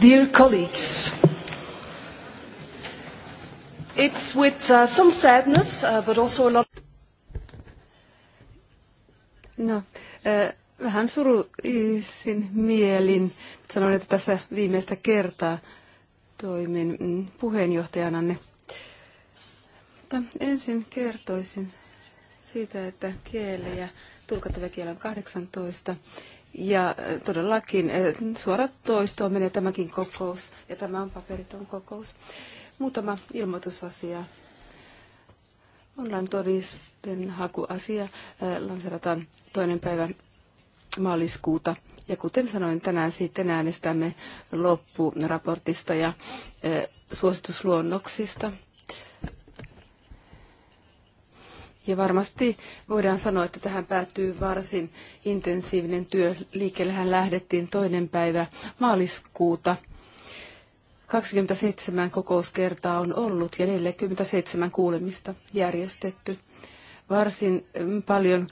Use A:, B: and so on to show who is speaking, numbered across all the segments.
A: Dear colleagues, it's with uh, some sadness, uh, but also a lot. No, äh, vähän suruisin mielin sanon, että tässä viimeistä kertaa toimin mm, puheenjohtajananne. Mutta ensin kertoisin siitä, että kielejä, tulkattavia kielä on 18 ja äh, todellakin äh, suora toisto menee tämäkin kokous, ja tämä on paperiton kokous. Muutama ilmoitusasia. Online-todisten hakuasia äh, lanserataan toinen päivä maaliskuuta. Ja kuten sanoin, tänään sitten äänestämme loppuraportista ja suositusluonnoksista. Ja varmasti voidaan sanoa, että tähän päättyy varsin intensiivinen työ. Liikkeellähän lähdettiin toinen päivä maaliskuuta. 27 kokouskertaa on ollut ja 47 kuulemista järjestetty. Varsin mm, paljon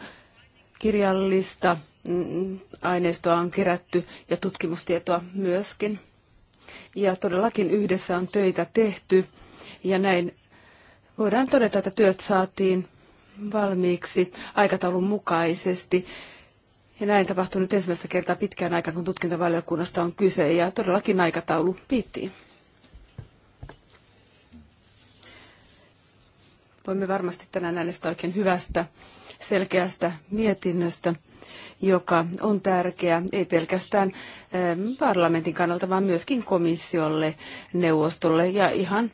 A: kirjallista mm, aineistoa on kerätty ja tutkimustietoa myöskin. Ja todellakin yhdessä on töitä tehty ja näin voidaan todeta, että työt saatiin valmiiksi aikataulun mukaisesti. Ja näin tapahtui nyt ensimmäistä kertaa pitkään aikaan, kun tutkintavaliokunnasta on kyse, ja todellakin aikataulu piti. Voimme varmasti tänään äänestää oikein hyvästä, selkeästä mietinnöstä, joka on tärkeä ei pelkästään ähm, parlamentin kannalta, vaan myöskin komissiolle, neuvostolle ja ihan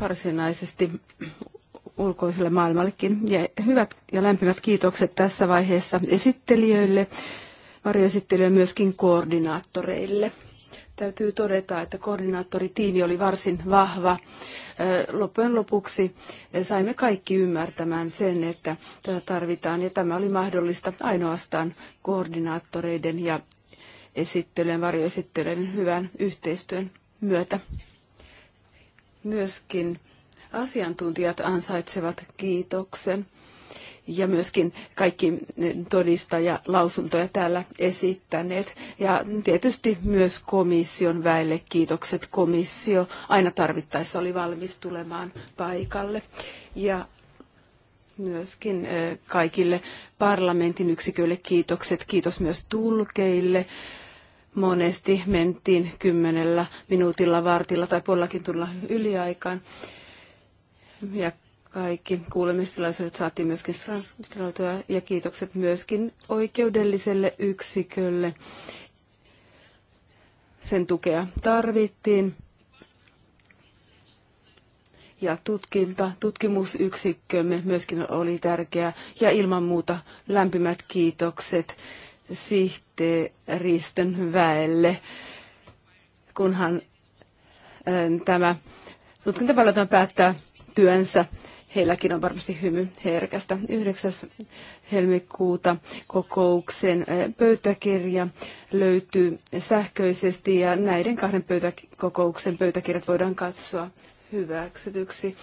A: varsinaisesti ulkoiselle maailmallekin. Ja hyvät ja lämpimät kiitokset tässä vaiheessa esittelijöille, varjoesittelyä myöskin koordinaattoreille. Täytyy todeta, että koordinaattoritiimi oli varsin vahva. Loppujen lopuksi saimme kaikki ymmärtämään sen, että tätä tarvitaan ja tämä oli mahdollista ainoastaan koordinaattoreiden ja esittelyjen, varjoesittelyjen hyvän yhteistyön myötä myöskin asiantuntijat ansaitsevat kiitoksen ja myöskin kaikki lausuntoja täällä esittäneet. Ja tietysti myös komission väelle kiitokset. Komissio aina tarvittaessa oli valmis tulemaan paikalle. Ja myöskin kaikille parlamentin yksiköille kiitokset. Kiitos myös tulkeille. Monesti mentiin kymmenellä minuutilla, vartilla tai puolellakin tulla yliaikaan ja kaikki kuulemistilaisuudet saatiin myöskin transmittoitua ja kiitokset myöskin oikeudelliselle yksikölle. Sen tukea tarvittiin. Ja tutkinta, tutkimusyksikkömme myöskin oli tärkeä ja ilman muuta lämpimät kiitokset sihteeristön väelle, kunhan tämä tutkintapalvelu päättää työnsä. Heilläkin on varmasti hymy herkästä. 9. helmikuuta kokouksen eh, pöytäkirja löytyy sähköisesti ja näiden kahden pöytäkokouksen pöytäkirjat voidaan katsoa hyväksytyksi.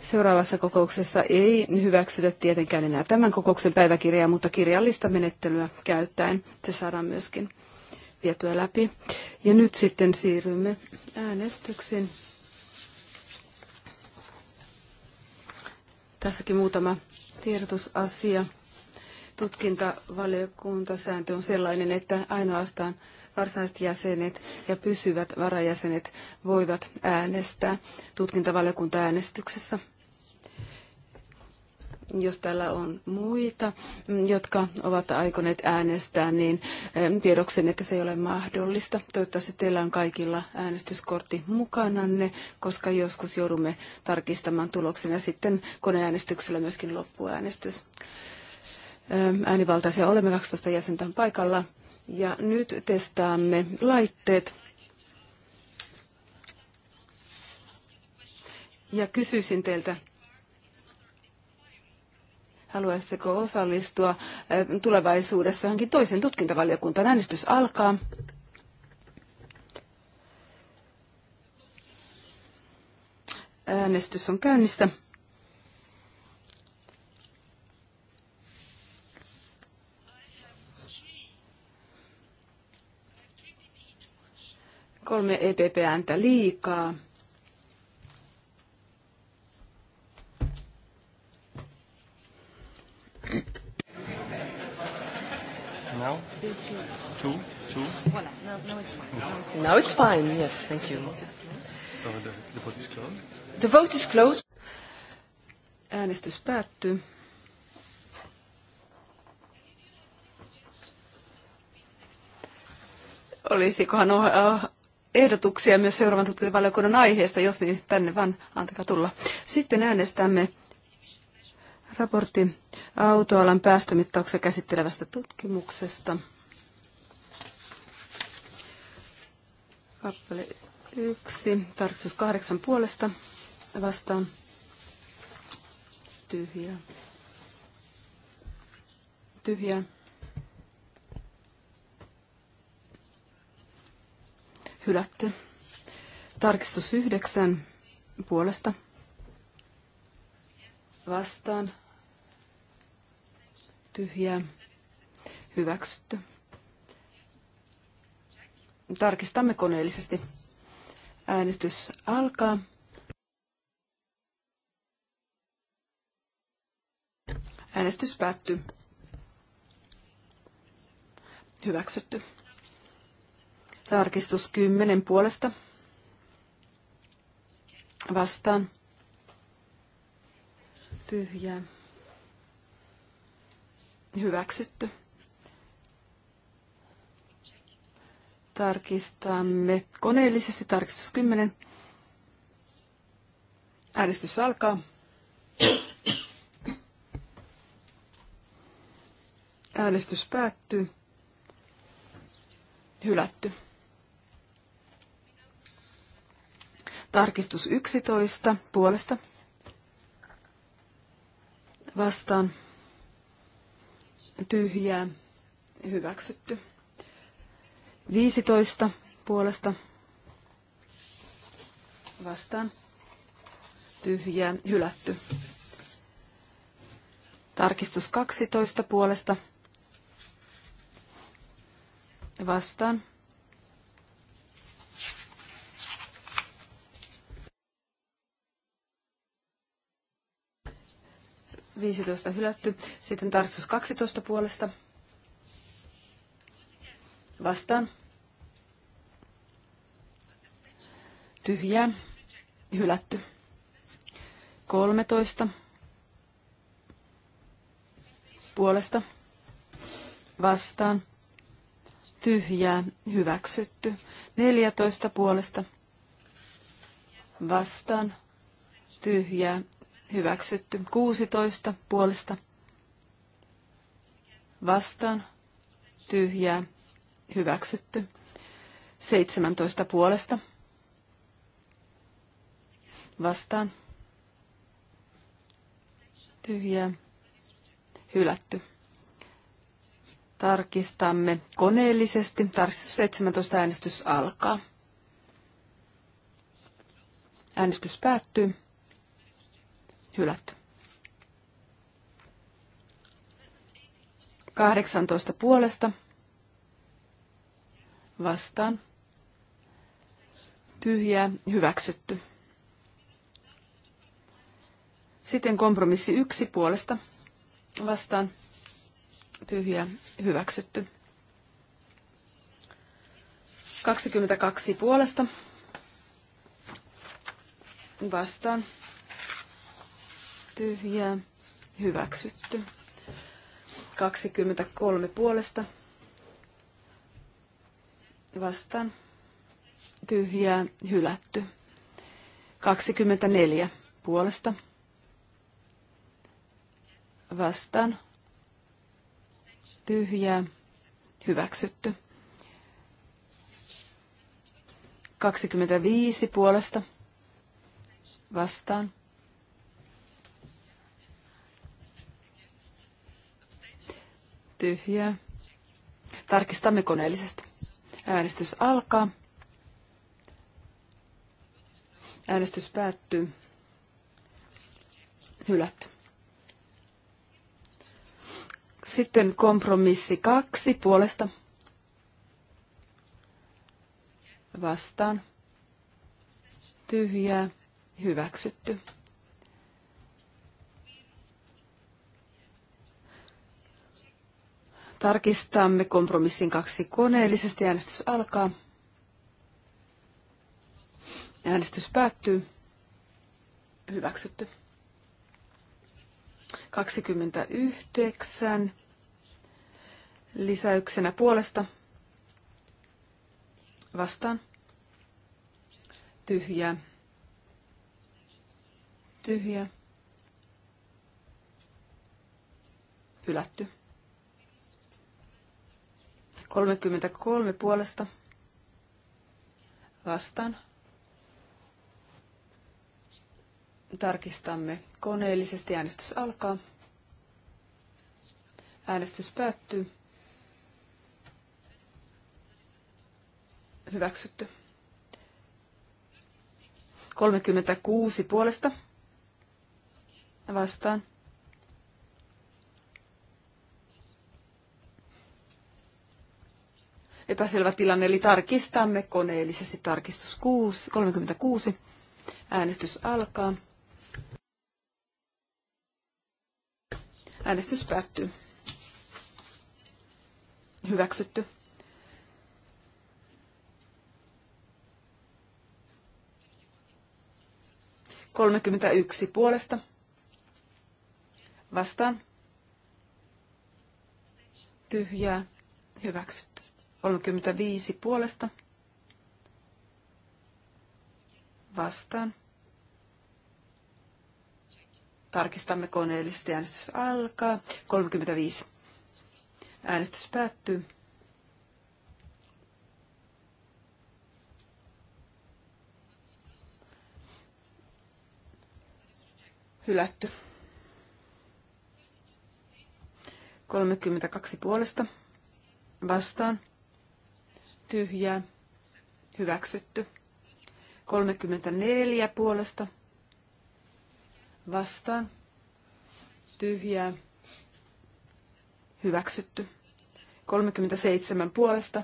A: Seuraavassa kokouksessa ei hyväksytä tietenkään enää tämän kokouksen päiväkirjaa, mutta kirjallista menettelyä käyttäen se saadaan myöskin vietyä läpi. Ja nyt sitten siirrymme äänestyksiin. Tässäkin muutama tiedotusasia. Tutkintavaliokuntasääntö on sellainen, että ainoastaan varsinaiset jäsenet ja pysyvät varajäsenet voivat äänestää tutkintavaliokuntaäänestyksessä. äänestyksessä jos täällä on muita, mm, jotka ovat aikoneet äänestää, niin tiedoksen, että se ei ole mahdollista. Toivottavasti teillä on kaikilla äänestyskortti mukananne, koska joskus joudumme tarkistamaan tuloksen ja sitten koneäänestyksellä myöskin loppuäänestys. Äänivaltaisia olemme 12 jäsentä on paikalla ja nyt testaamme laitteet. Ja kysyisin teiltä, Haluaisitteko osallistua eh, tulevaisuudessa johonkin toisen tutkintavaliokuntaan? Äänestys alkaa. Äänestys on käynnissä. Kolme EPP-ääntä liikaa. now? Two. Two? Two? Voilà.
B: Now, now it's fine. Now it's fine, yes, thank you.
A: So the, the vote is closed. The vote is closed. Äänestys päättyy. Olisikohan uh, ehdotuksia myös seuraavan tutkintavaliokunnan aiheesta, jos niin tänne vaan antakaa tulla. Sitten äänestämme raportti autoalan päästömittauksia käsittelevästä tutkimuksesta. Kappale 1, tarkistus 8 puolesta vastaan tyhjä. Tyhjä. Hylätty. Tarkistus 9 puolesta vastaan tyhjää hyväksytty. Tarkistamme koneellisesti. Äänestys alkaa. Äänestys päättyy. Hyväksytty. Tarkistus 10 puolesta. Vastaan. Tyhjää hyväksytty. Tarkistamme koneellisesti tarkistus 10. Äänestys alkaa. Äänestys päättyy. Hylätty. Tarkistus 11 puolesta. Vastaan tyhjää hyväksytty. 15 puolesta vastaan tyhjää hylätty. Tarkistus 12 puolesta vastaan 15 hylätty. Sitten tarkistus 12 puolesta. Vastaan. Tyhjää. Hylätty. 13 puolesta vastaan tyhjää hyväksytty. 14 puolesta vastaan tyhjää hyväksytty. 16 puolesta vastaan, tyhjää, hyväksytty. 17 puolesta vastaan, tyhjää, hylätty. Tarkistamme koneellisesti. Tarkistus 17 äänestys alkaa. Äänestys päättyy hylätty. 18 puolesta vastaan tyhjää hyväksytty. Sitten kompromissi yksi puolesta vastaan tyhjää hyväksytty. 22 puolesta vastaan tyhjää, hyväksytty. 23 puolesta vastaan, tyhjää, hylätty. 24 puolesta vastaan, tyhjää, hyväksytty. 25 puolesta vastaan, tyhjää. Tarkistamme koneellisesti. Äänestys alkaa. Äänestys päättyy. Hylätty. Sitten kompromissi kaksi puolesta. Vastaan. Tyhjää. Hyväksytty. Tarkistamme kompromissin kaksi koneellisesti. Äänestys alkaa. Äänestys päättyy. Hyväksytty. 29. Lisäyksenä puolesta. Vastaan. Tyhjä. Tyhjä. Hylätty. 33 puolesta vastaan. Tarkistamme koneellisesti. Äänestys alkaa. Äänestys päättyy. Hyväksytty. 36 puolesta vastaan. epäselvä tilanne, eli tarkistamme koneellisesti tarkistus 6, 36. Äänestys alkaa. Äänestys päättyy. Hyväksytty. Kolmekymmentä yksi puolesta. Vastaan. Tyhjää. Hyväksytty. 35 puolesta vastaan. Tarkistamme koneellisesti. Äänestys alkaa. 35. Äänestys päättyy. Hylätty. 32 puolesta vastaan tyhjää, hyväksytty. 34 puolesta vastaan, tyhjää, hyväksytty. 37 puolesta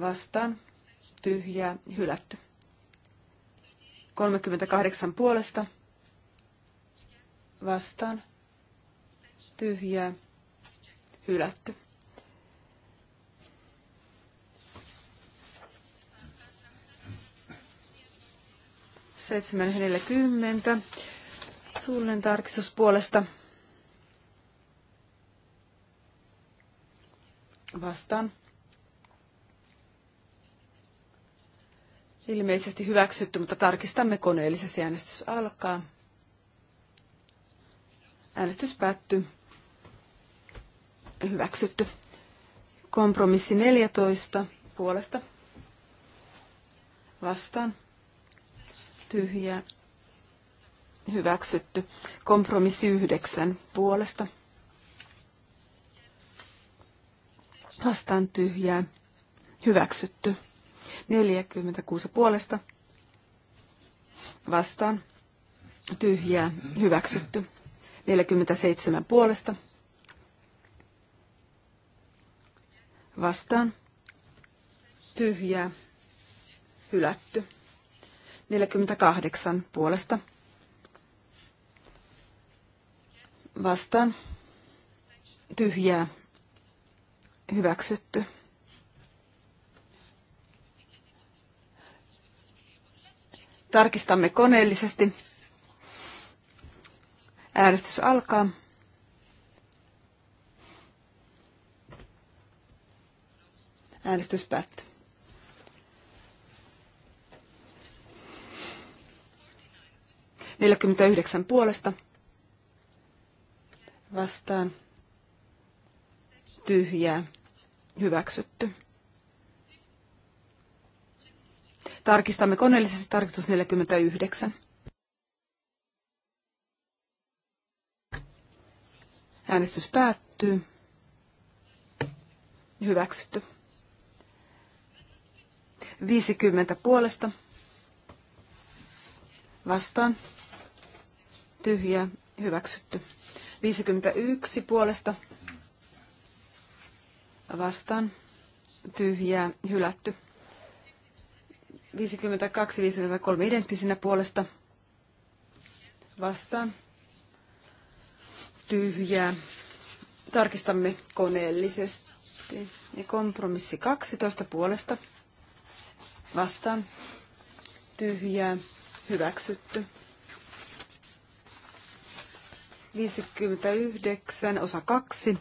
A: vastaan, tyhjää, hylätty. 38 puolesta vastaan, tyhjää, hylätty. 740. Suullinen tarkistus puolesta. Vastaan. Ilmeisesti hyväksytty, mutta tarkistamme koneellisesti. Äänestys alkaa. Äänestys päättyy. Hyväksytty. Kompromissi 14 puolesta. Vastaan tyhjä hyväksytty. Kompromissi yhdeksän puolesta vastaan tyhjää hyväksytty. 46 puolesta vastaan tyhjää hyväksytty. 47 puolesta vastaan tyhjää hylätty. 48 puolesta. Vastaan. Tyhjää. Hyväksytty. Tarkistamme koneellisesti. Äänestys alkaa. Äänestys päättyy. 49 puolesta vastaan tyhjää hyväksytty. Tarkistamme koneellisesti tarkistus 49. Äänestys päättyy. Hyväksytty. 50 puolesta. Vastaan tyhjä hyväksytty. 51 puolesta vastaan tyhjää hylätty. 52-53 identtisinä puolesta vastaan tyhjää. Tarkistamme koneellisesti. Ja kompromissi 12 puolesta vastaan tyhjää hyväksytty. 59 osa 2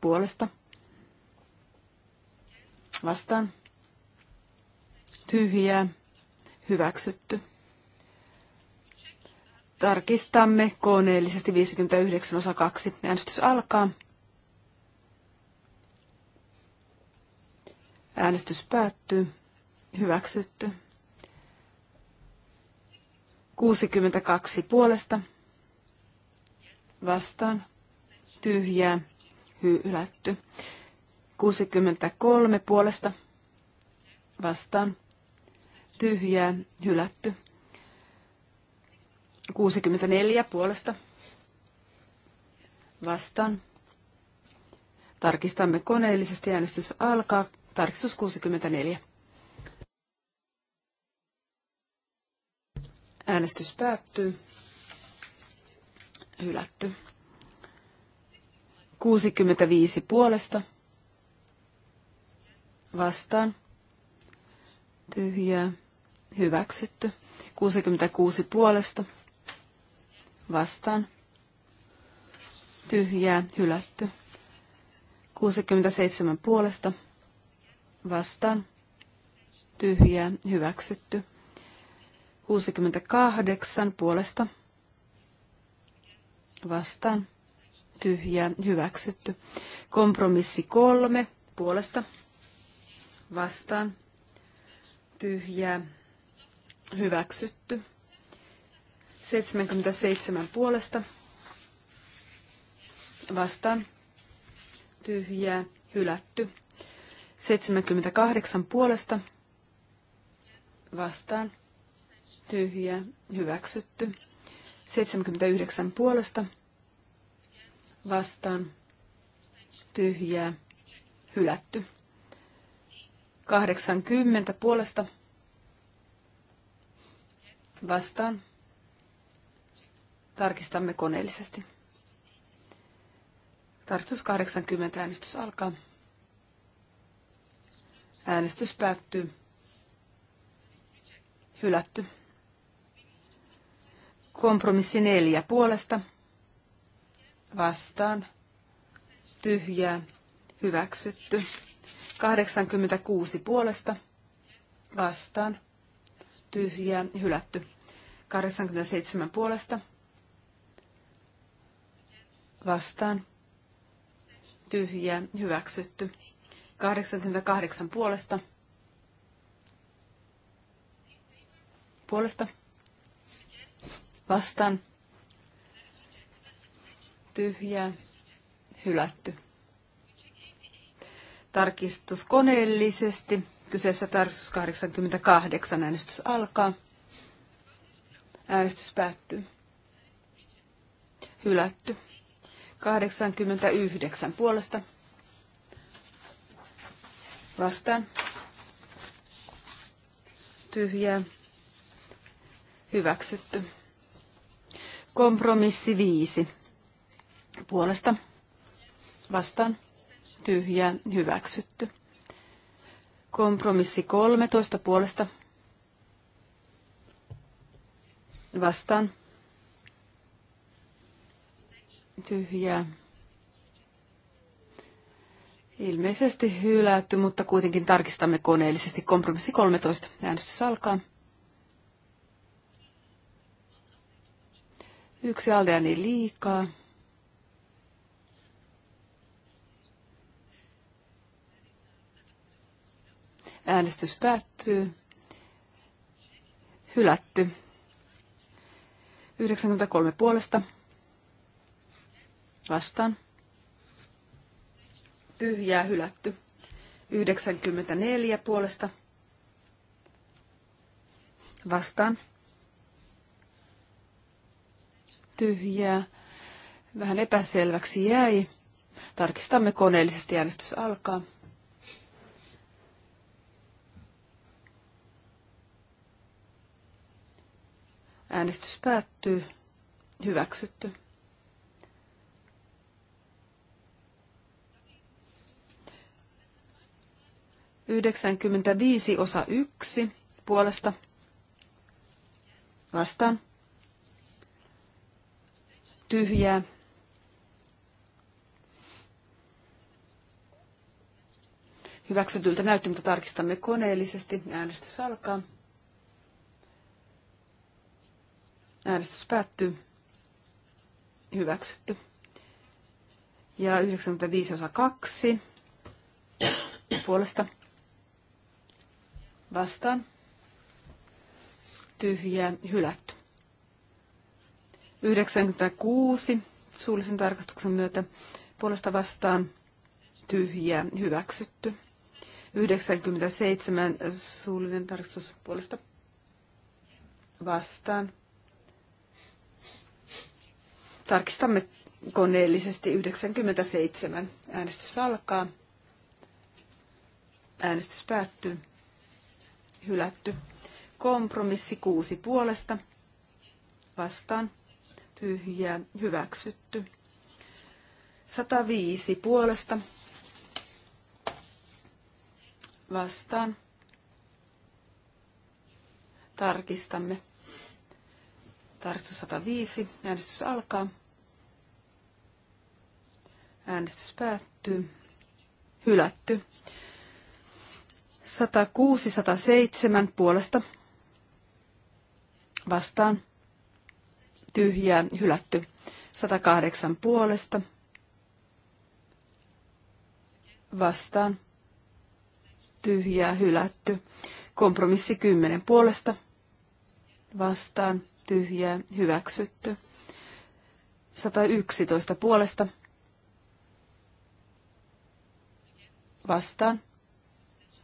A: puolesta. Vastaan. Tyhjää. Hyväksytty. Tarkistamme koneellisesti 59 osa 2. Äänestys alkaa. Äänestys päättyy. Hyväksytty. 62 puolesta vastaan tyhjää hylätty. 63 puolesta vastaan tyhjää hylätty. 64 puolesta vastaan. Tarkistamme koneellisesti. Äänestys alkaa. Tarkistus 64. Äänestys päättyy hylätty. 65 puolesta vastaan tyhjää hyväksytty. 66 puolesta vastaan tyhjää hylätty. 67 puolesta vastaan tyhjää hyväksytty. 68 puolesta vastaan tyhjä hyväksytty. Kompromissi kolme puolesta vastaan tyhjä hyväksytty. 77 puolesta vastaan tyhjä hylätty. 78 puolesta vastaan tyhjä hyväksytty. 79 puolesta vastaan tyhjää hylätty. 80 puolesta vastaan tarkistamme koneellisesti. Tarkistus 80, äänestys alkaa. Äänestys päättyy. Hylätty. Kompromissi neljä puolesta. Vastaan. Tyhjää. Hyväksytty. 86 puolesta. Vastaan. Tyhjää. Hylätty. 87 puolesta. Vastaan. Tyhjää. Hyväksytty. 88 puolesta. Puolesta vastaan tyhjä hylätty. Tarkistus koneellisesti. Kyseessä tarkistus 88. Äänestys alkaa. Äänestys päättyy. Hylätty. 89 puolesta. Vastaan. Tyhjää. Hyväksytty. Kompromissi viisi. Puolesta vastaan tyhjä, hyväksytty. Kompromissi 13 puolesta vastaan tyhjää. Ilmeisesti hylätty, mutta kuitenkin tarkistamme koneellisesti. Kompromissi 13. Äänestys alkaa. Yksi aldeani niin liikaa. Äänestys päättyy. Hylätty. 93 puolesta. Vastaan. Tyhjää hylätty. 94 puolesta. Vastaan tyhjää. Vähän epäselväksi jäi. Tarkistamme koneellisesti. Äänestys alkaa. Äänestys päättyy. Hyväksytty. Yhdeksänkymmentäviisi osa yksi puolesta vastaan tyhjää. Hyväksytyltä näytti, mutta tarkistamme koneellisesti. Äänestys alkaa. Äänestys päättyy. Hyväksytty. Ja 95 osa 2 puolesta vastaan. Tyhjää, hylätty. 96 suullisen tarkastuksen myötä puolesta vastaan tyhjää hyväksytty. 97 suullinen tarkastus puolesta vastaan. Tarkistamme koneellisesti 97. Äänestys alkaa. Äänestys päättyy. Hylätty. Kompromissi 6 puolesta. Vastaan tyhjää hyväksytty. 105 puolesta vastaan. Tarkistamme. Tarkistus 105. Äänestys alkaa. Äänestys päättyy. Hylätty. 106-107 puolesta vastaan tyhjää, hylätty. 108 puolesta, vastaan, tyhjää, hylätty. Kompromissi 10 puolesta, vastaan, tyhjää, hyväksytty. 111 puolesta, vastaan,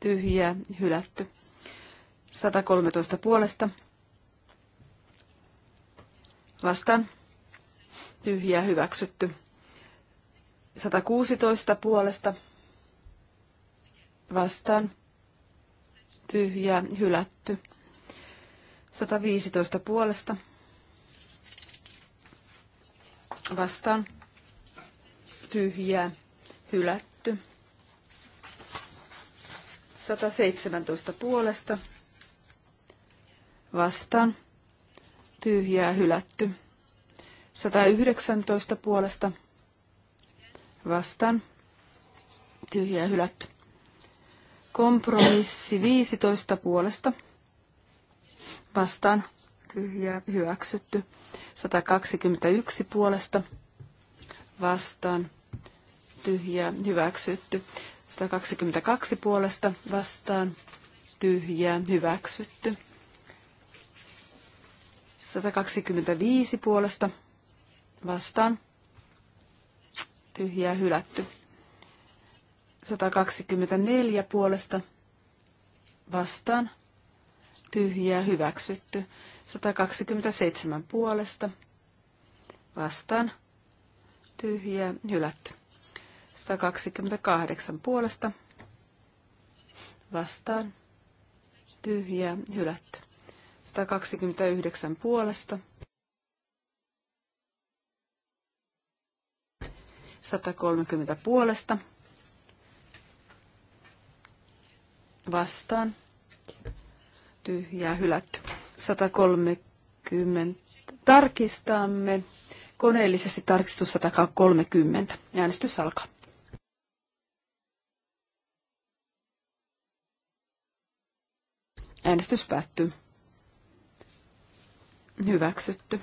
A: tyhjää, hylätty. 113 puolesta, vastaan tyhjä hyväksytty. 116 puolesta vastaan tyhjä hylätty. 115 puolesta vastaan tyhjä hylätty. 117 puolesta vastaan tyhjää hylätty. 119 puolesta vastaan tyhjää hylätty. Kompromissi 15 puolesta vastaan tyhjää hyväksytty. 121 puolesta vastaan tyhjää hyväksytty. 122 puolesta vastaan tyhjää hyväksytty. 125 puolesta vastaan. Tyhjää hylätty. 124 puolesta vastaan. Tyhjää hyväksytty. 127 puolesta vastaan. Tyhjää hylätty. 128 puolesta vastaan. Tyhjää hylätty. 129 puolesta. 130 puolesta. Vastaan. Tyhjää hylätty. 130. Tarkistamme koneellisesti tarkistus 130. Äänestys alkaa. Äänestys päättyy. Hyväksytty.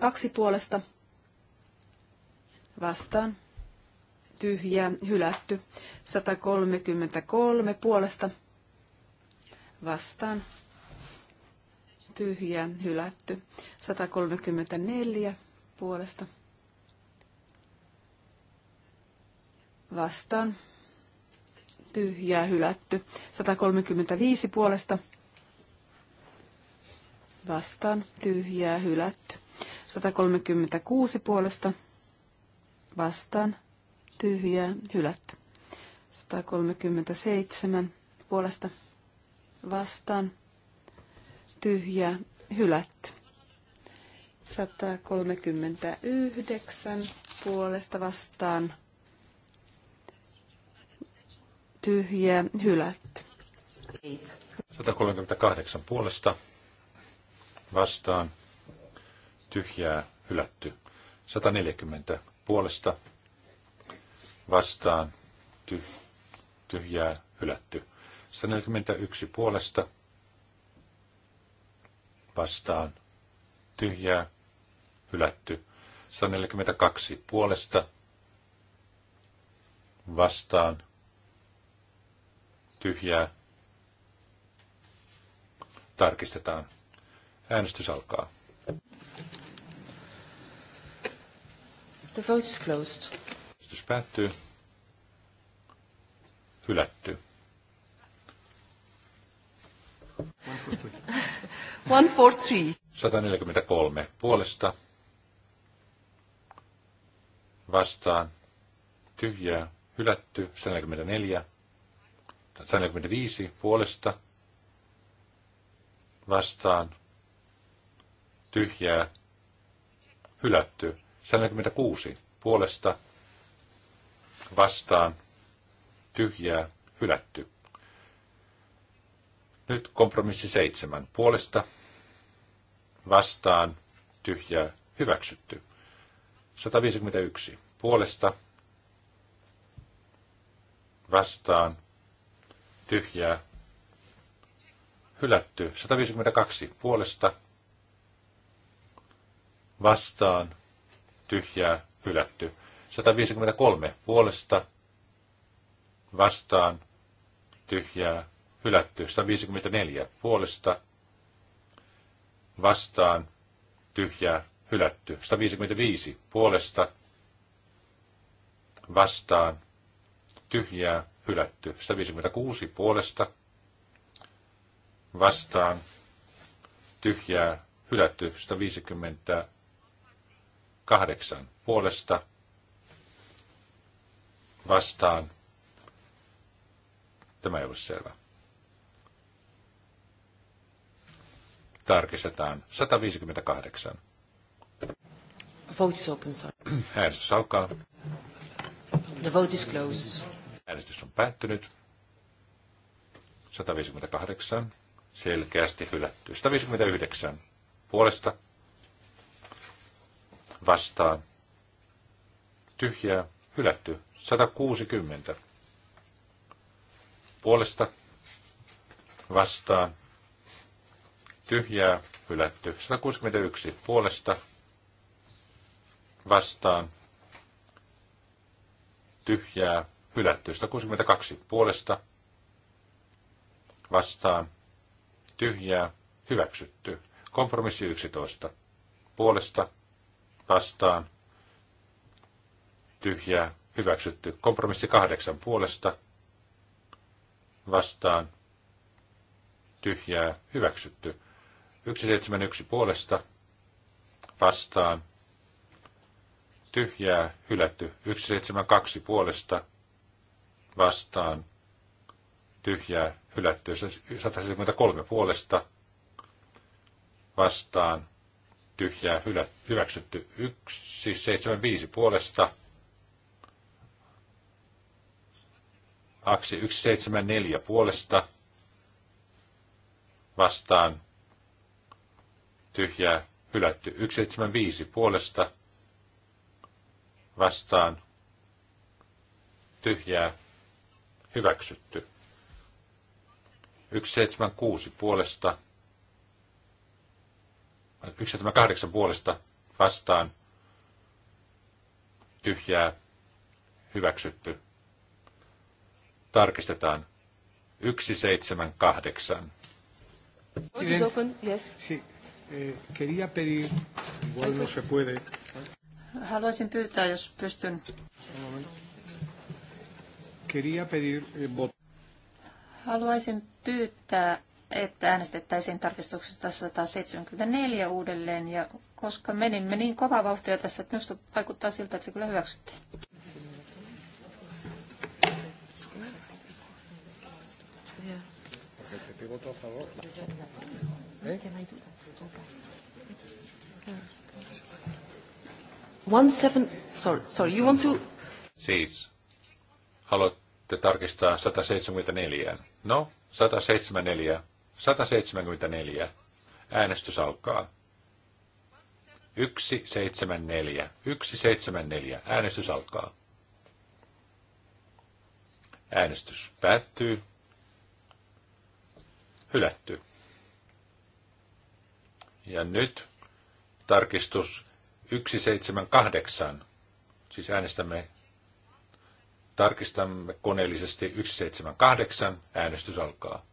A: kaksi puolesta vastaan tyhjä hylätty. Sata kolme puolesta vastaan tyhjä hylätty. Sata neljä puolesta vastaan tyhjää hylätty. 135 puolesta vastaan tyhjää hylätty. 136 puolesta vastaan tyhjää hylätty. 137 puolesta vastaan tyhjää hylätty. 139 puolesta vastaan Tyhjä hylätty.
C: 138 puolesta vastaan tyhjää hylätty. 140 puolesta vastaan ty, tyhjää hylätty. 141 puolesta vastaan tyhjää hylätty. 142 puolesta vastaan tyhjää. Tarkistetaan. Äänestys alkaa.
A: The vote is closed.
C: Äänestys päättyy. Hylätty.
A: three.
C: 143 puolesta. Vastaan. Tyhjää. Hylätty. 144 145 puolesta vastaan tyhjää hylätty. 146 puolesta vastaan tyhjää hylätty. Nyt kompromissi seitsemän. Puolesta vastaan tyhjää hyväksytty. 151. Puolesta vastaan tyhjää, hylätty. 152 puolesta, vastaan, tyhjää, hylätty. 153 puolesta, vastaan, tyhjää, hylätty. 154 puolesta, vastaan, tyhjää, hylätty. 155 puolesta, vastaan, tyhjää, hylätty. 156 puolesta vastaan tyhjää hylätty. 158 puolesta vastaan. Tämä ei ole selvä. Tarkistetaan. 158.
A: Vote is open, sir.
C: Äänestys alkaa.
A: The vote is closed.
C: Äänestys on päättynyt. 158. Selkeästi hylätty. 159. Puolesta. Vastaan. Tyhjää. Hylätty. 160. Puolesta. Vastaan. Tyhjää. Hylätty. 161. Puolesta. Vastaan. Tyhjää hylätty. 162 puolesta vastaan tyhjää hyväksytty. Kompromissi 11 puolesta vastaan tyhjää hyväksytty. Kompromissi 8 puolesta vastaan tyhjää hyväksytty. 171 puolesta vastaan tyhjää hylätty. 172 puolesta vastaan tyhjää hylätty. 173 puolesta vastaan tyhjää hylä, hyväksytty. 1, 175 puolesta. Aksi 174 puolesta vastaan tyhjää hylätty. 175 puolesta vastaan tyhjää Hyväksytty. 176 puolesta. 178 puolesta vastaan. Tyhjää. Hyväksytty. Tarkistetaan. 178. Eh, no
B: Haluaisin pyytää, jos pystyn.
C: Un Eh,
B: Haluaisin pyytää, että äänestettäisiin tarkistuksesta 174 uudelleen, ja koska menimme niin kovaa vauhtia tässä, että minusta vaikuttaa siltä, että se kyllä hyväksyttiin.
A: One seven, sorry, sorry, you want to...
C: Siis haluatte tarkistaa 174. No, 174. 174. Äänestys alkaa. 174. 174. Äänestys alkaa. Äänestys päättyy. Hylätty. Ja nyt tarkistus 178. Siis äänestämme Tarkistamme koneellisesti 178. Äänestys alkaa.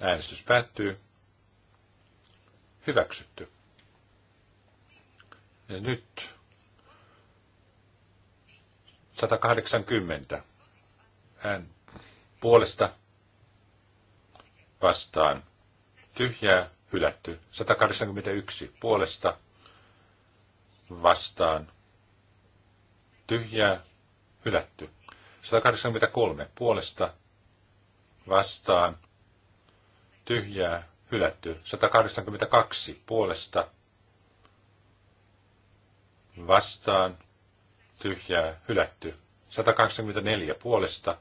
C: Äänestys päättyy. Hyväksytty. Ja nyt 180 ään puolesta vastaan. Tyhjää hylätty. 181 puolesta vastaan tyhjää hylätty. 183 puolesta vastaan tyhjää hylätty. 182 puolesta vastaan tyhjää hylätty. 184 puolesta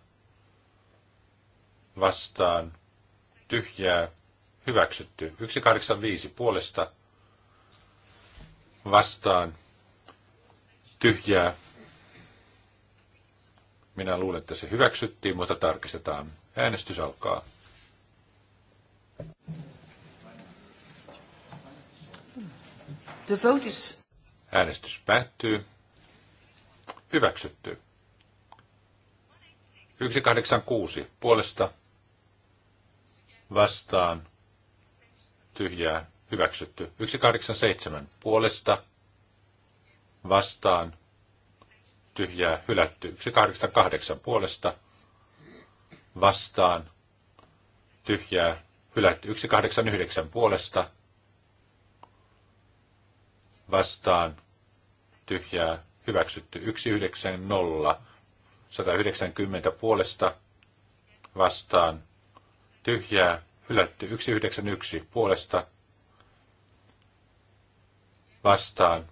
C: vastaan tyhjää hyväksytty. 185 puolesta vastaan tyhjää. Minä luulen, että se hyväksyttiin, mutta tarkistetaan. Äänestys alkaa.
A: The vote is...
C: Äänestys päättyy. Hyväksytty. 186 puolesta vastaan tyhjää hyväksytty. 187 puolesta vastaan tyhjää hylätty. 188 puolesta vastaan tyhjää hylätty. 189 puolesta vastaan tyhjää hyväksytty. 190 190 puolesta vastaan tyhjää hylätty. 191 puolesta vastaan.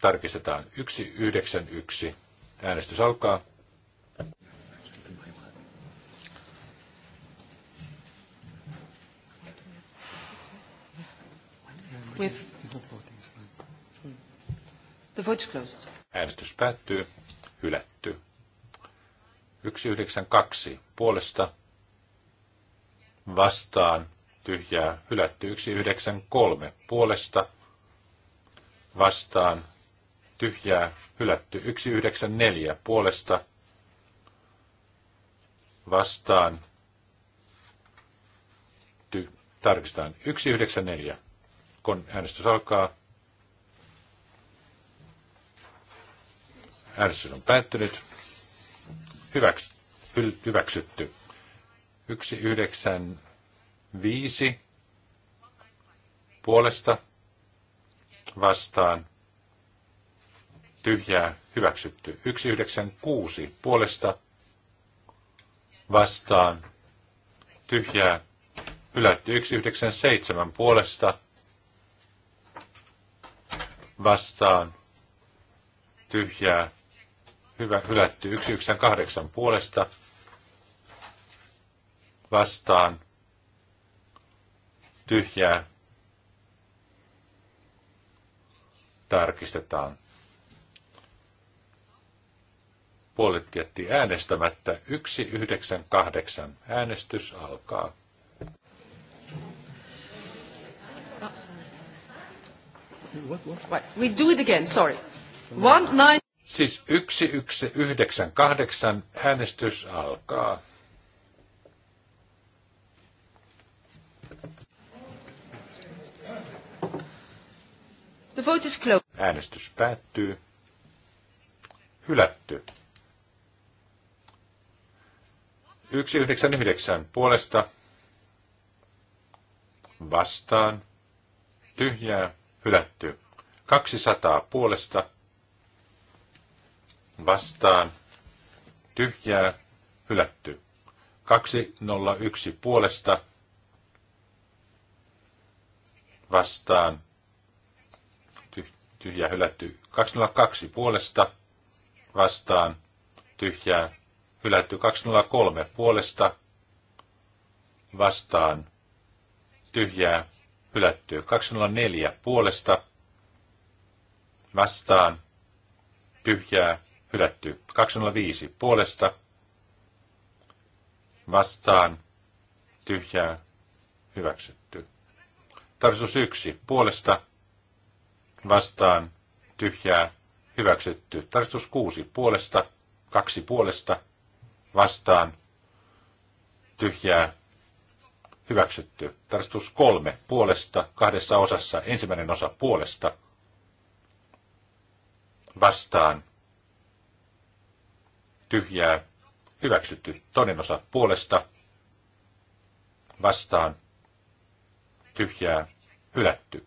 C: Tarkistetaan 191. Äänestys alkaa.
A: With The vote's closed.
C: Äänestys päättyy. Hylätty. 192 puolesta vastaan tyhjää hylätty. 193 puolesta vastaan tyhjää hylätty. 194 puolesta vastaan ty, tarkistetaan 194. Kun äänestys alkaa, äänestys on päättynyt. Hyväks, hyväksytty. 19, Viisi puolesta vastaan tyhjää hyväksytty. 196 puolesta vastaan tyhjää hylätty. 197 puolesta vastaan tyhjää hyvä, hylätty. 198 puolesta vastaan tyhjää. Tarkistetaan. Puolet jätti äänestämättä. 198. Äänestys alkaa.
A: We do it again, sorry. One, nine...
C: Siis 1198 äänestys alkaa. The vote is closed. Äänestys päättyy. Hylätty. 199 puolesta vastaan tyhjää hylätty. 200 puolesta vastaan tyhjää hylätty. 201 puolesta vastaan tyhjä, hylätty 202 puolesta vastaan tyhjää hylätty 203 puolesta vastaan tyhjää hylätty 204 puolesta vastaan tyhjää hylätty 205 puolesta vastaan tyhjää hyväksytty. Tarkistus 1 puolesta vastaan tyhjää hyväksytty. Tarkistus 6 puolesta, kaksi puolesta vastaan tyhjää hyväksytty. Tarkistus 3 puolesta kahdessa osassa, ensimmäinen osa puolesta vastaan tyhjää hyväksytty. Toinen osa puolesta vastaan tyhjää hylätty.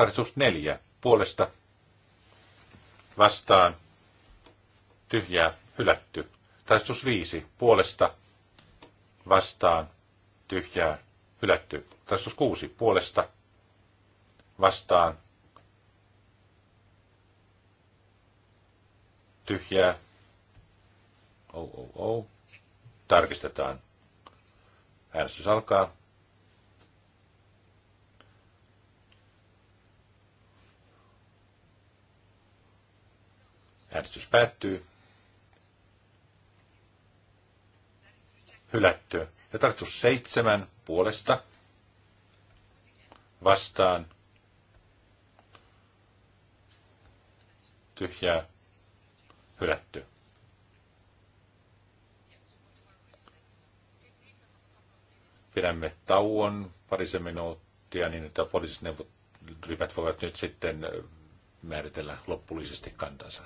C: Tarkistus neljä puolesta vastaan tyhjää hylätty. Tarkistus viisi puolesta vastaan tyhjää hylätty. Tarkistus kuusi puolesta vastaan tyhjää. Oh, oh, oh. Tarkistetaan. Äänestys alkaa. Äänestys päättyy. Hylätty. Ja tarkoitus seitsemän puolesta vastaan tyhjää hylätty. Pidämme tauon parisen minuuttia niin, että poliisineuvot ryhmät voivat nyt sitten määritellä loppullisesti kantansa.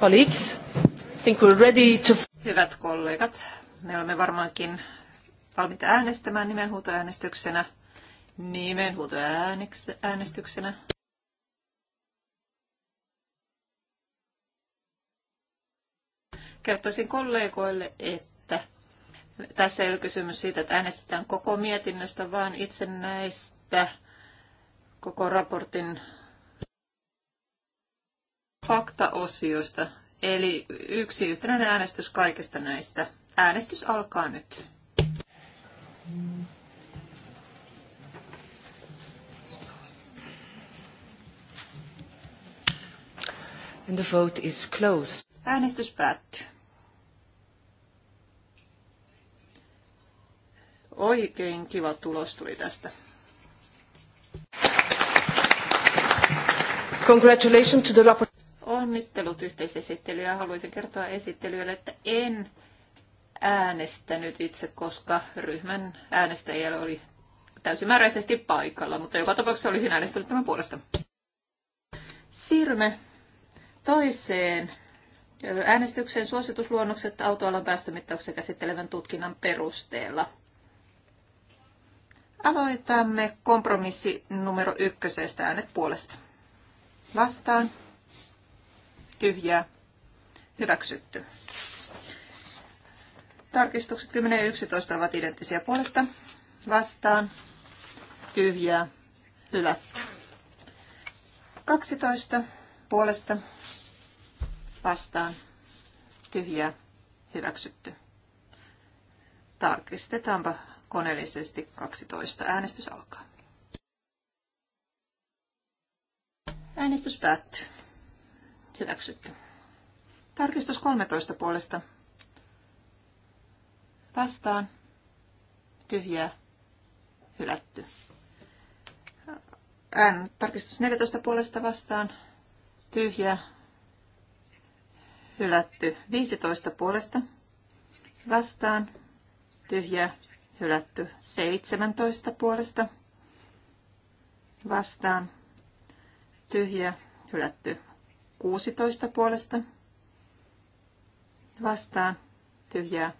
B: Colleagues, I think we're ready to... Hyvät kollegat, me olemme varmaankin valmiita äänestämään nimenhuutoäänestyksenä. Nimenhuutoäänestyksenä. Kertoisin kollegoille, että tässä ei ole kysymys siitä, että äänestetään koko mietinnöstä, vaan itse näistä koko raportin Faktaosioista, Eli yksi yhtenäinen äänestys kaikesta näistä. Äänestys alkaa nyt. And the vote is closed. Äänestys päättyy. Oikein kiva tulos tuli tästä.
A: Congratulations to the rapport.
B: Onnittelut yhteisesittelyä. Haluaisin kertoa esittelyille, että en äänestänyt itse, koska ryhmän äänestäjällä oli täysimääräisesti paikalla, mutta joka tapauksessa olisin äänestänyt tämän puolesta. Siirrymme toiseen äänestykseen suositusluonnokset autoalan päästömittauksen käsittelevän tutkinnan perusteella. Aloitamme kompromissi numero ykkösestä äänet puolesta. Vastaan tyhjää hyväksytty. Tarkistukset 10 ja 11 ovat identtisiä puolesta. Vastaan tyhjää hylätty. 12 puolesta vastaan tyhjää hyväksytty. Tarkistetaanpa koneellisesti 12. Äänestys alkaa. Äänestys päättyy. Hyväksytty. Tarkistus 13 puolesta. Vastaan. Tyhjää. Hylätty. N. Tarkistus 14 puolesta vastaan. Tyhjää. Hylätty. 15 puolesta. Vastaan. Tyhjää. Hylätty. 17 puolesta. Vastaan. Tyhjää. Hylätty. 16 puolesta vastaan tyhjää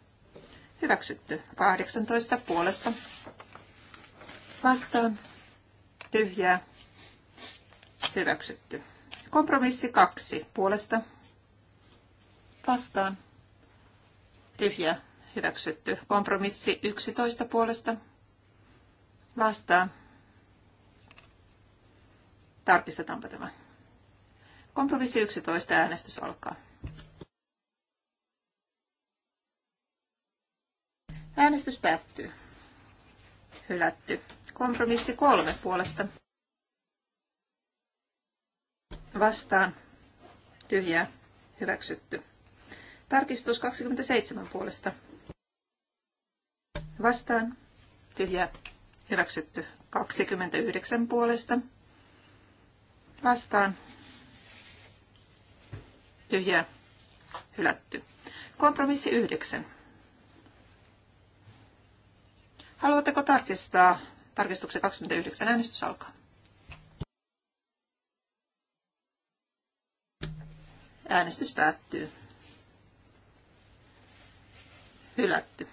B: hyväksytty. 18 puolesta vastaan tyhjää hyväksytty. Kompromissi 2 puolesta vastaan tyhjää hyväksytty. Kompromissi 11 puolesta vastaan. Tarkistetaanpa tämä. Kompromissi 11. Äänestys alkaa. Äänestys päättyy. Hylätty. Kompromissi kolme puolesta. Vastaan. Tyhjää. Hyväksytty. Tarkistus 27 puolesta. Vastaan. Tyhjää. Hyväksytty. 29 puolesta. Vastaan tyhjää hylätty. Kompromissi 9. Haluatteko tarkistaa tarkistuksen 29 äänestys alkaa? Äänestys päättyy. Hylätty.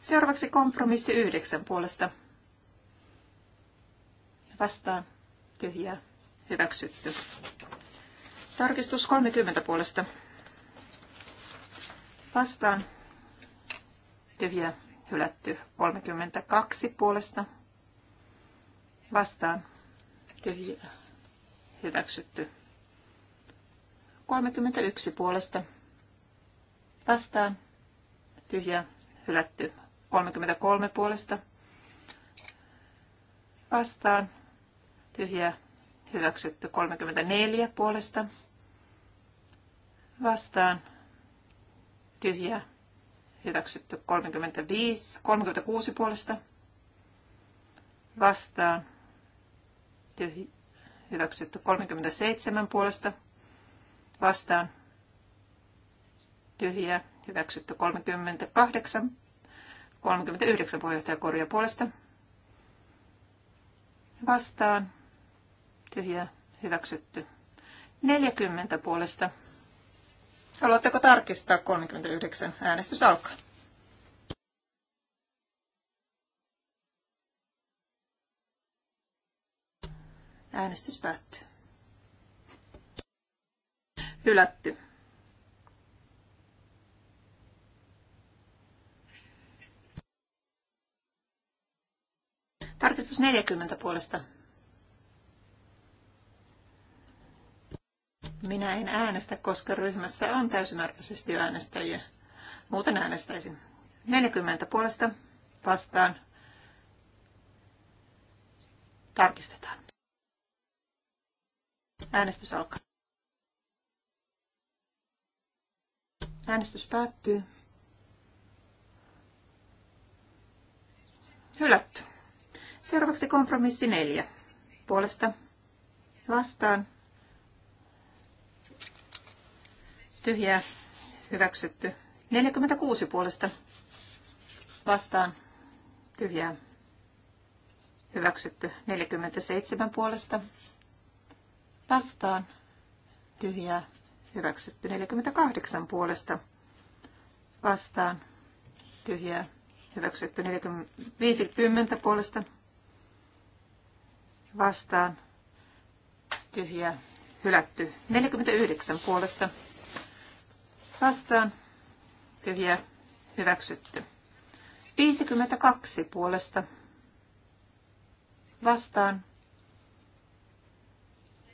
B: Seuraavaksi kompromissi yhdeksän puolesta. Vastaan. Tyhjää. Hyväksytty. Tarkistus 30 puolesta. Vastaan. Tyhjä hylätty 32 puolesta. Vastaan. Tyhjä hyväksytty 31 puolesta. Vastaan. Tyhjä hylätty 33 puolesta. Vastaan. Tyhjä Hyväksytty 34 puolesta. Vastaan. tyhjä Hyväksytty 35, 36 puolesta. Vastaan. tyhjä Hyväksytty 37 puolesta. Vastaan. tyhjä Hyväksytty 38. 39 puheenjohtajakorja puolesta. Vastaan tyhjä hyväksytty. 40 puolesta. Haluatteko tarkistaa 39? Äänestys alkaa. Äänestys päättyy. Hylätty. Tarkistus 40 puolesta Minä en äänestä, koska ryhmässä on täysimääräisesti äänestäjiä. Muuten äänestäisin. 40 puolesta vastaan. Tarkistetaan. Äänestys alkaa. Äänestys päättyy. Hylätty. Seuraavaksi kompromissi neljä. Puolesta vastaan tyhjää hyväksytty. 46 puolesta vastaan tyhjää hyväksytty. 47 puolesta vastaan tyhjää hyväksytty. 48 puolesta vastaan tyhjää hyväksytty. 50 puolesta vastaan tyhjää hylätty. 49 puolesta vastaan tyhjä hyväksytty. 52 puolesta vastaan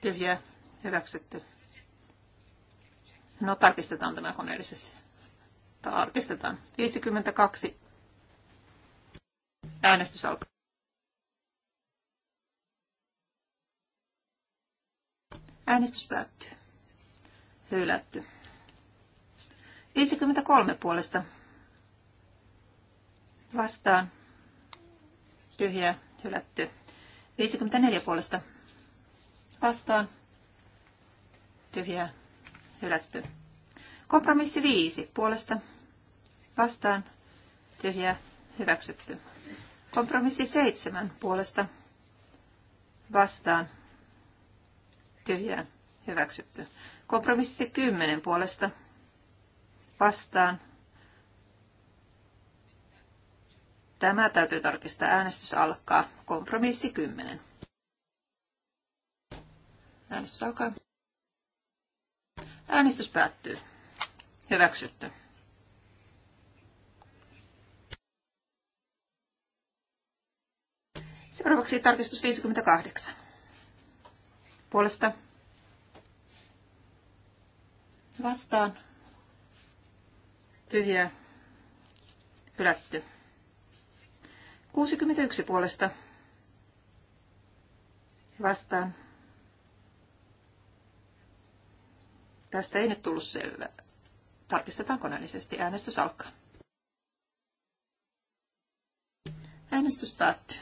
B: tyhjä hyväksytty. No tarkistetaan tämä koneellisesti. Tarkistetaan. 52. Äänestys alkaa. Äänestys päättyy. Hylätty. 53 puolesta vastaan Tyhjä, hylätty. 54 puolesta vastaan Tyhjä, hylätty. Kompromissi 5 puolesta vastaan Tyhjä, hyväksytty. Kompromissi 7 puolesta vastaan Tyhjä, hyväksytty. Kompromissi 10 puolesta vastaan, vastaan. Tämä täytyy tarkistaa. Äänestys alkaa. Kompromissi 10. Äänestys alkaa. Äänestys päättyy. Hyväksytty. Seuraavaksi tarkistus 58. Puolesta vastaan tyhjää, hylätty. 61 puolesta vastaan. Tästä ei nyt tullut selvä. Tarkistetaan koneellisesti. Äänestys alkaa. Äänestys päättyy.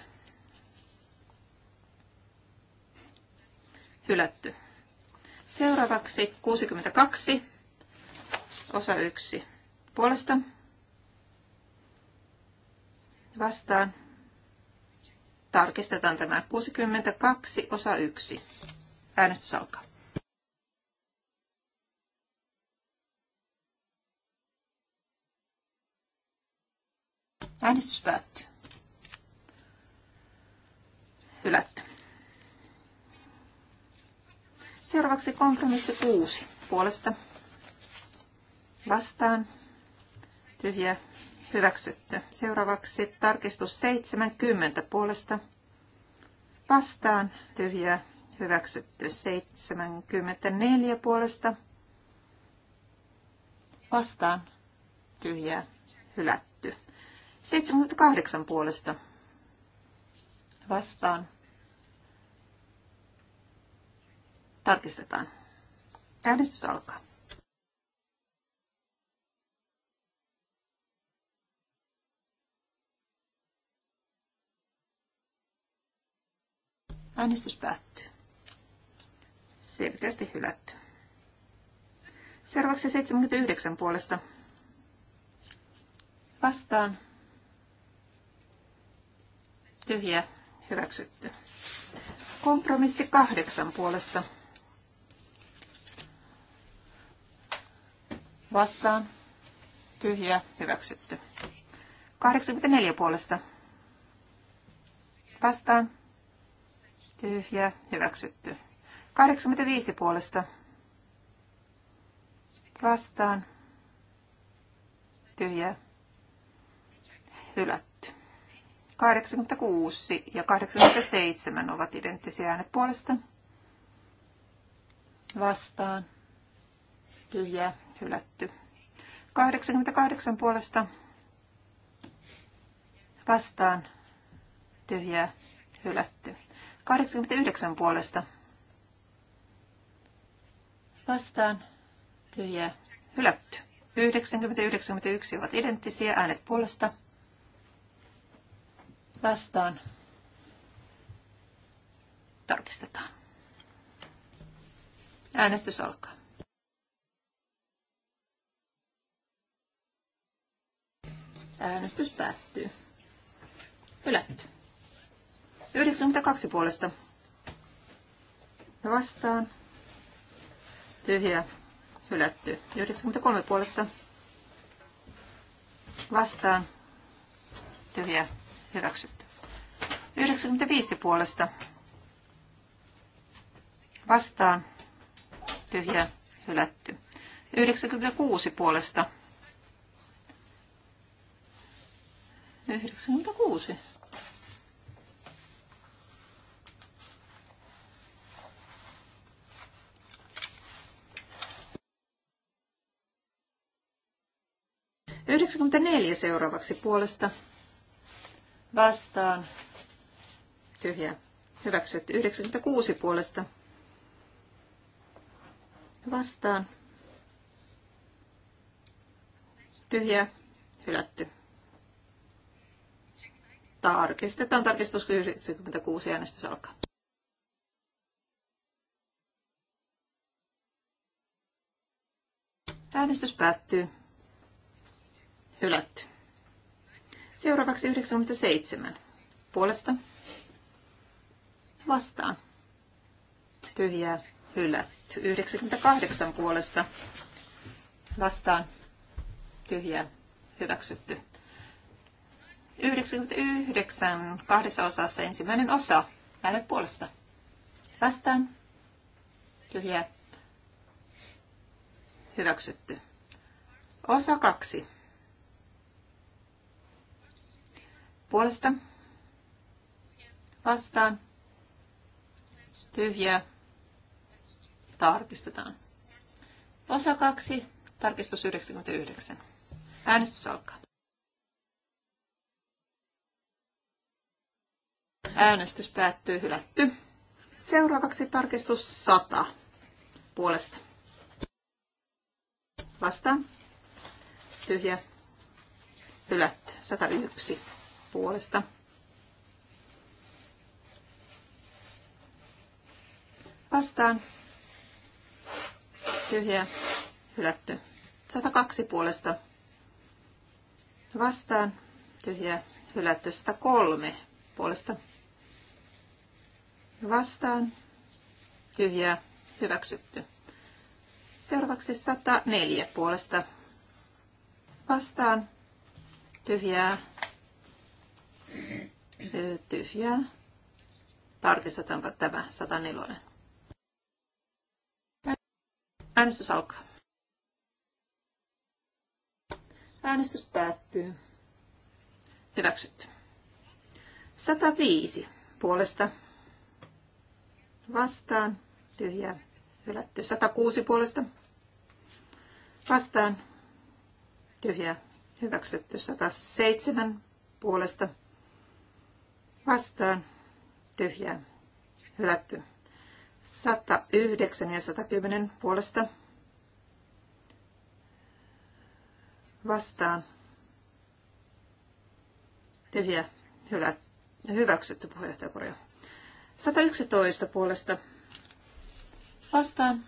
B: Hylätty. Seuraavaksi 62, osa 1 puolesta vastaan. Tarkistetaan tämä 62 osa 1. Äänestys alkaa. Äänestys päättyy. Hylätty. Seuraavaksi kompromissi 6 puolesta vastaan tyhjä hyväksytty. Seuraavaksi tarkistus 70 puolesta vastaan tyhjä hyväksytty. 74 puolesta vastaan tyhjä hylätty. 78 puolesta vastaan tarkistetaan. Äänestys alkaa. Äänestys päättyy. Selkeästi hylätty. Seuraavaksi 79 puolesta. Vastaan. Tyhjä. Hyväksytty. Kompromissi kahdeksan puolesta. Vastaan. Tyhjä. Hyväksytty. 84 puolesta. Vastaan tyhjä hyväksytty. 85 puolesta vastaan, tyhjä hylätty. 86 ja 87 ovat identtisiä äänet puolesta. Vastaan. tyhjä Hylätty. 88 puolesta. Vastaan. tyhjä Hylätty. 89 puolesta. Vastaan. Tyhjää. Hylätty. 90-91 ovat identtisiä. Äänet puolesta. Vastaan. Tarkistetaan. Äänestys alkaa. Äänestys päättyy. Hylätty. 92 puolesta. Vastaan. Tyhjä. Hylätty. 93 puolesta. Vastaan. Tyhjä. Hyväksytty. 95 puolesta. Vastaan. Tyhjä. Hylätty. 96 puolesta. 96. 84 seuraavaksi puolesta vastaan. Tyhjä. Hyväksytty. 96 puolesta vastaan. Tyhjä. Hylätty. Tarkistetaan. Tarkistus 96 äänestys alkaa. Äänestys päättyy. Hylätty. Seuraavaksi 97. Puolesta. Vastaan. Tyhjää. Hylätty. 98 puolesta. Vastaan. Tyhjää. Hyväksytty. 99. Kahdessa osassa ensimmäinen osa. Äänet puolesta. Vastaan. Tyhjää. Hyväksytty. Osa kaksi. Puolesta. Vastaan. Tyhjää. Tarkistetaan. Osa 2. Tarkistus 99. Äänestys alkaa. Äänestys päättyy hylätty. Seuraavaksi tarkistus 100 puolesta. Vastaan. Tyhjä. Hylätty. 101 puolesta. Vastaan. Tyhjä. Hylätty. 102 puolesta. Vastaan. Tyhjä. Hylätty. 103 puolesta. Vastaan. tyhjä Hyväksytty. Seuraavaksi 104 puolesta. Vastaan. Tyhjää tyhjää. Tarkistetaanpa tämä 104. Äänestys alkaa. Äänestys päättyy. Hyväksytty. 105 puolesta vastaan. Tyhjää. Hylätty. 106 puolesta vastaan. Tyhjää. Hyväksytty. 107 puolesta vastaan tyhjää hylätty. 109 ja 110 puolesta vastaan tyhjä hylä, hyväksytty puheenjohtajakorja. 111 puolesta vastaan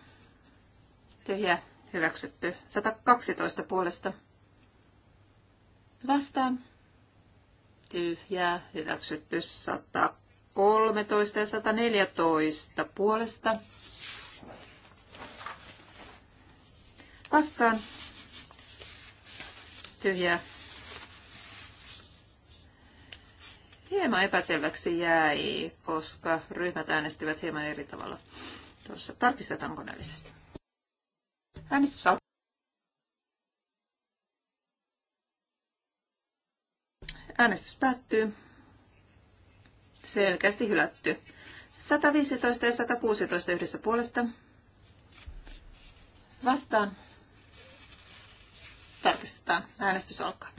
B: tyhjä hyväksytty. 112 puolesta vastaan tyhjää, hyväksytty 113 ja 114 puolesta. Vastaan tyhjää. Hieman epäselväksi jäi, koska ryhmät äänestivät hieman eri tavalla. Tuossa tarkistetaanko koneellisesti. Äänestys alkaa. Äänestys päättyy. Selkeästi hylätty. 115 ja 116 yhdessä puolesta. Vastaan. Tarkistetaan. Äänestys alkaa.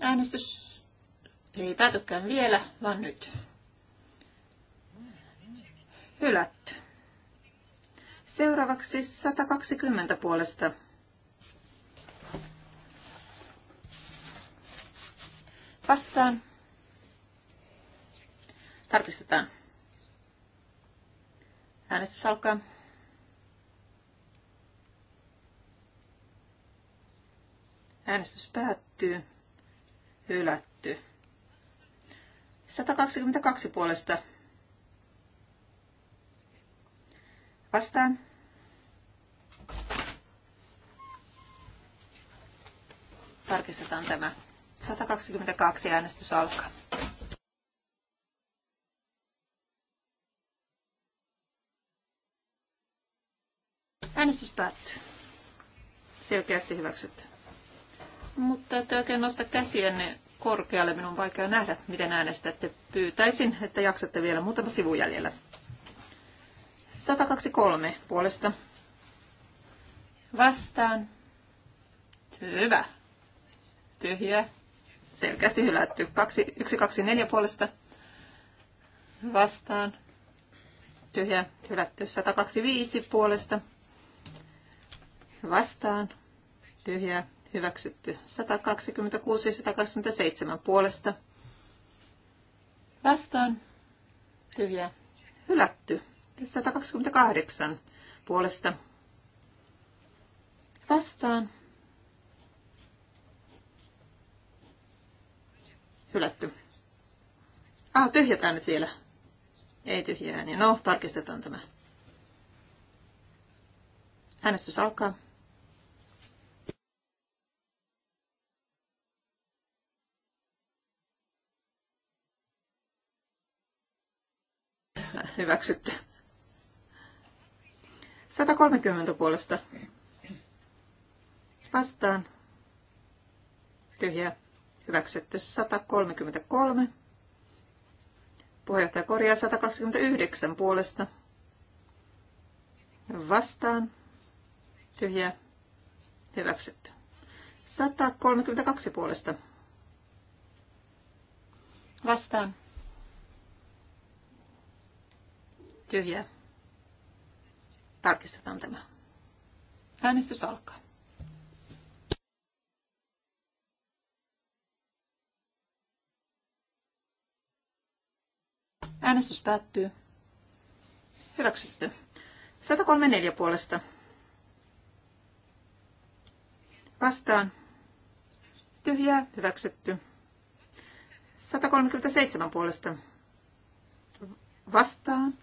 B: Äänestys ei päätykään vielä, vaan nyt. Hylätty. Seuraavaksi 120 puolesta vastaan. Tarkistetaan. Äänestys alkaa. Äänestys päättyy. Hylätty. 122 puolesta. Vastaan. Tarkistetaan tämä. 122 äänestys alkaa. Äänestys päättyy. Selkeästi hyväksytty. Mutta ette oikein nosta käsiänne korkealle. Minun on vaikea nähdä, miten äänestätte. Pyytäisin, että jaksatte vielä muutama sivu jäljellä. 123 puolesta. Vastaan. Hyvä. Tyhjä selkeästi hylätty. 1, 2, 4 puolesta vastaan. Tyhjä hylätty. 125 puolesta vastaan. Tyhjä hyväksytty. 126 ja 127 puolesta vastaan. Tyhjä hylätty. 128 puolesta vastaan Hylätty. Ah, tyhjätään nyt vielä. Ei tyhjää niin. No, tarkistetaan tämä. Äänestys alkaa. Hyväksytty. 130 puolesta. Vastaan. Tyhjää. Hyväksytty 133. Puheenjohtaja korjaa 129 puolesta. Vastaan. Tyhjä. Hyväksytty. 132 puolesta. Vastaan. Tyhjä. Tarkistetaan tämä. Äänestys alkaa. Äänestys päättyy. Hyväksytty. 134 puolesta. Vastaan. Tyhjää. Hyväksytty. 137 puolesta. Vastaan.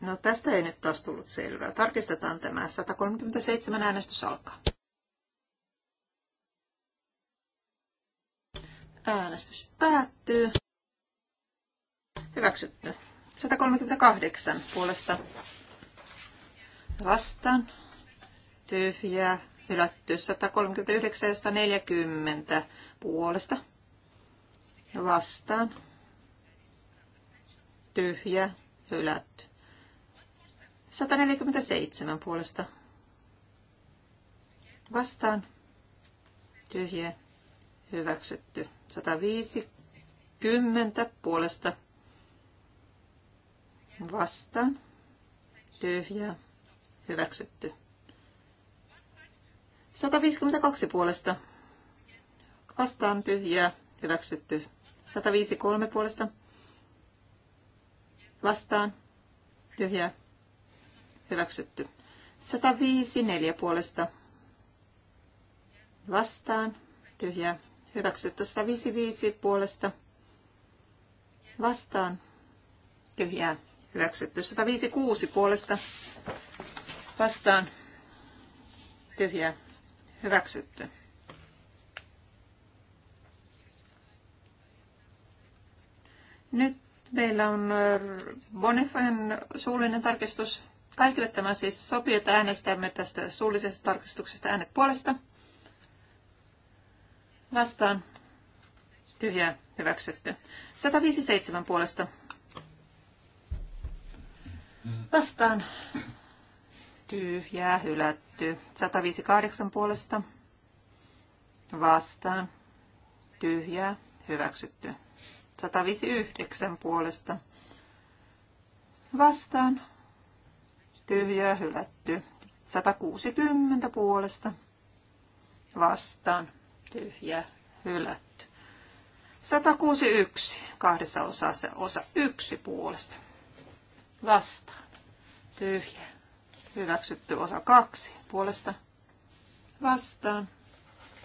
B: No tästä ei nyt taas tullut selvää. Tarkistetaan tämä. 137 äänestys alkaa. Äänestys päättyy. Hyväksytty. 138 puolesta vastaan. Tyhjää. Hylätty. 139 ja 140 puolesta vastaan. Tyhjä. Hylätty. 147 puolesta vastaan. Tyhjä hyväksytty. 150 puolesta vastaan, tyhjää, hyväksytty. 152 puolesta vastaan, tyhjää, hyväksytty. 153 puolesta vastaan, tyhjää, hyväksytty. 154 puolesta vastaan, tyhjää, Hyväksytty 155 puolesta vastaan. Tyhjää. Hyväksytty 156 puolesta vastaan. Tyhjää. Hyväksytty. Nyt meillä on äh, Bonifen suullinen tarkistus. Kaikille tämä siis sopii, että äänestämme tästä suullisesta tarkistuksesta äänet puolesta vastaan tyhjää hyväksytty. 157 puolesta vastaan tyhjää hylätty. 158 puolesta vastaan tyhjää hyväksytty. 159 puolesta vastaan tyhjää hylätty. 160 puolesta vastaan tyhjä, hylätty. 161 kahdessa osassa, osa yksi puolesta. Vastaan, tyhjä, hyväksytty osa kaksi puolesta. Vastaan,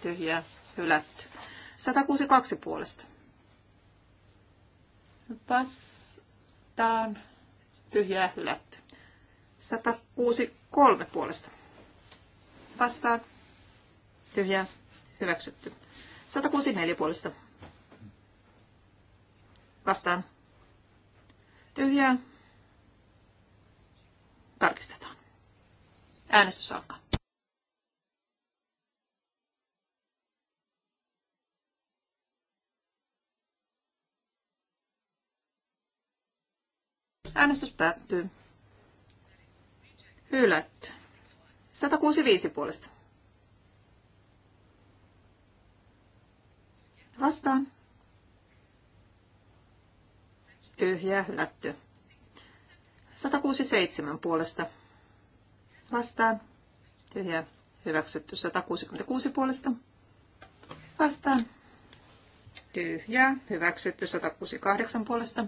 B: tyhjä, hylätty. 162 puolesta. Vastaan, tyhjä, hylätty. 163 puolesta. Vastaan, tyhjä Hyväksytty. 164 puolesta. Vastaan. Tyhjää. Tarkistetaan. Äänestys alkaa. Äänestys päättyy. Hylätty. 165 puolesta. Vastaan. tyhjä hylätty. 167 puolesta. Vastaan. tyhjä hyväksytty. 166 puolesta. Vastaan. tyhjä hyväksytty. 168 puolesta.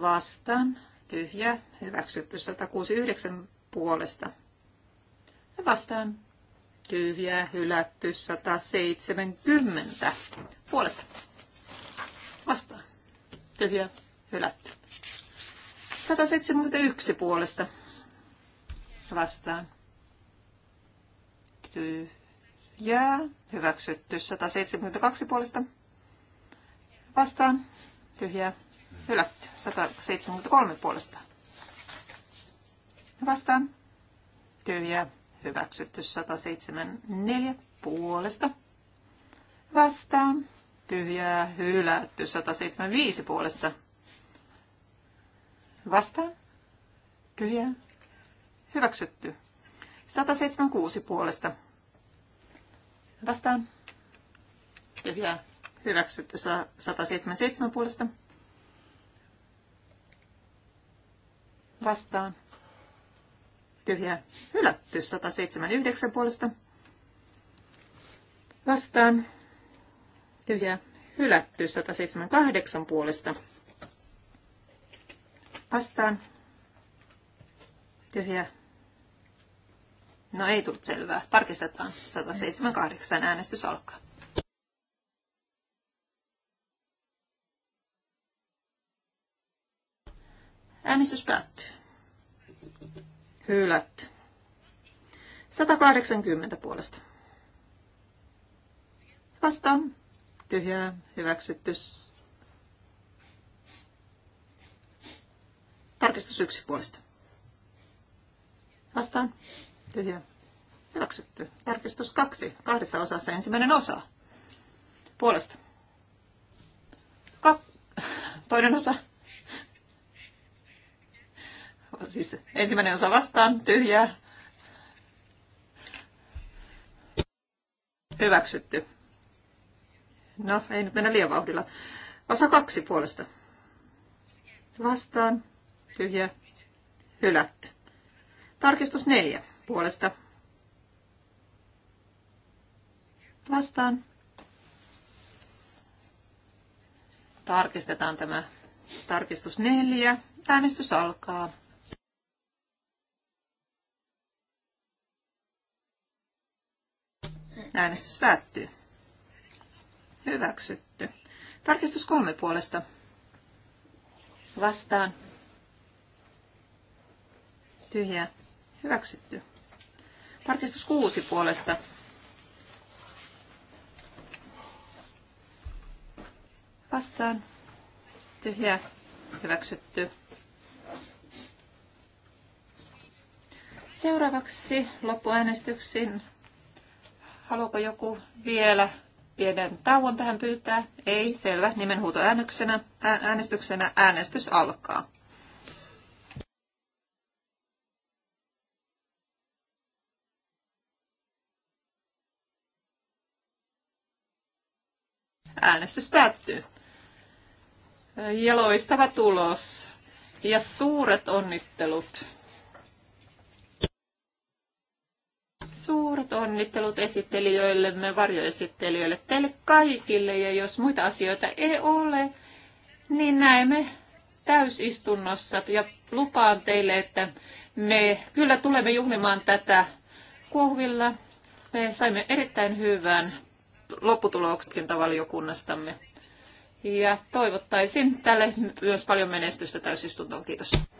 B: Vastaan. tyhjä hyväksytty. 169 puolesta. Vastaan tyhjää hylätty 170 puolesta. Vastaan. Tyhjää hylätty. 171 puolesta. Vastaan. Tyhjää hyväksytty 172 puolesta. Vastaan. Tyhjää hylätty 173 puolesta. Vastaan. Tyhjää hyväksytty 174 puolesta vastaan, tyhjää hylätty 175 puolesta vastaan, tyhjää hyväksytty 176 puolesta vastaan, tyhjää hyväksytty 177 puolesta vastaan tyhjää hylätty. 179 puolesta vastaan tyhjää hylätty. 178 puolesta vastaan tyhjää. No ei tullut selvää. Tarkistetaan. 178 äänestys alkaa. Äänestys päättyy. Hylätty. 180 puolesta. Vastaan. Tyhjää. Hyväksytty. Tarkistus yksi puolesta. Vastaan. Tyhjää. Hyväksytty. Tarkistus kaksi. Kahdessa osassa ensimmäinen osa. Puolesta. Ka- toinen osa siis ensimmäinen osa vastaan, tyhjää. Hyväksytty. No, ei nyt mennä liian vauhdilla. Osa kaksi puolesta. Vastaan, tyhjä, hylätty. Tarkistus neljä puolesta. Vastaan. Tarkistetaan tämä tarkistus neljä. Äänestys alkaa. Äänestys päättyy. Hyväksytty. Tarkistus kolme puolesta. Vastaan. Tyhjä. Hyväksytty. Tarkistus kuusi puolesta. Vastaan. Tyhjä. Hyväksytty. Seuraavaksi loppuäänestyksin Haluaako joku vielä pienen tauon tähän pyytää? Ei, selvä. Nimenhuuto äänestyksenä, äänestyksenä äänestys alkaa. Äänestys päättyy. Ja loistava tulos. Ja suuret onnittelut. Suuret onnittelut esittelijöillemme, varjoesittelijöille, teille kaikille. Ja jos muita asioita ei ole, niin näemme täysistunnossa. Ja lupaan teille, että me kyllä tulemme juhlimaan tätä kohvilla. Me saimme erittäin hyvän lopputuloksenkintavaliokunnastamme. Ja toivottaisin tälle myös paljon menestystä täysistuntoon. Kiitos.